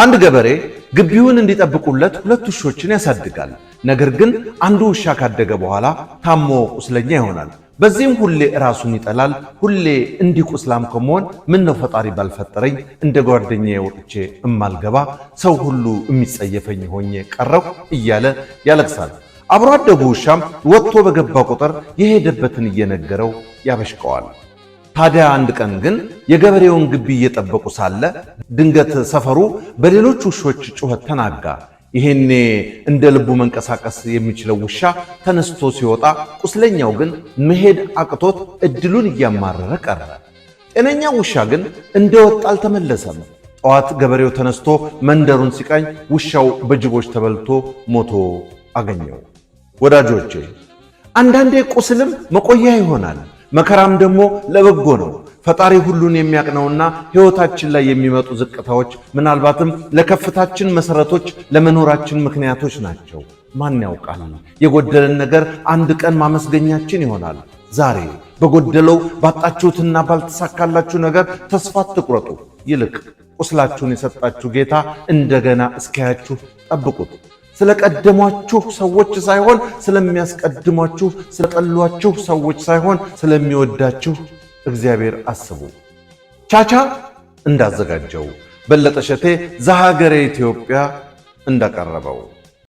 አንድ ገበሬ ግቢውን እንዲጠብቁለት ሁለት ውሾችን ያሳድጋል። ነገር ግን አንዱ ውሻ ካደገ በኋላ ታሞ ቁስለኛ ይሆናል። በዚህም ሁሌ ራሱን ይጠላል። ሁሌ እንዲህ ቁስላም ከመሆን ምን ነው ፈጣሪ ባልፈጠረኝ፣ እንደ ጓደኛ ወጥቼ እማልገባ፣ ሰው ሁሉ የሚጸየፈኝ ሆኜ ቀረሁ እያለ ያለቅሳል። አብሮ አደጉ ውሻም ወጥቶ በገባ ቁጥር የሄደበትን እየነገረው ያበሽቀዋል። ታዲያ አንድ ቀን ግን የገበሬውን ግቢ እየጠበቁ ሳለ ድንገት ሰፈሩ በሌሎች ውሾች ጩኸት ተናጋ። ይሄኔ እንደ ልቡ መንቀሳቀስ የሚችለው ውሻ ተነስቶ ሲወጣ፣ ቁስለኛው ግን መሄድ አቅቶት እድሉን እያማረረ ቀረ። ጤነኛው ውሻ ግን እንደወጣ አልተመለሰም። ጠዋት ገበሬው ተነስቶ መንደሩን ሲቃኝ ውሻው በጅቦች ተበልቶ ሞቶ አገኘው። ወዳጆቼ አንዳንዴ ቁስልም መቆያ ይሆናል። መከራም ደግሞ ለበጎ ነው። ፈጣሪ ሁሉን የሚያውቅ ነውና ሕይወታችን ላይ የሚመጡ ዝቅታዎች ምናልባትም ለከፍታችን መሰረቶች፣ ለመኖራችን ምክንያቶች ናቸው። ማን ያውቃል? የጎደለን ነገር አንድ ቀን ማመስገኛችን ይሆናል። ዛሬ በጎደለው ባጣችሁትና ባልተሳካላችሁ ነገር ተስፋ አትቁረጡ። ይልቅ ቁስላችሁን የሰጣችሁ ጌታ እንደገና እስኪያችሁ ጠብቁት። ስለቀደሟችሁ ሰዎች ሳይሆን ስለሚያስቀድሟችሁ፣ ስለጠሏችሁ ሰዎች ሳይሆን ስለሚወዳችሁ እግዚአብሔር አስቡ። ቻቻ እንዳዘጋጀው በለጠ ሸቴ ዘሀገረ ኢትዮጵያ እንዳቀረበው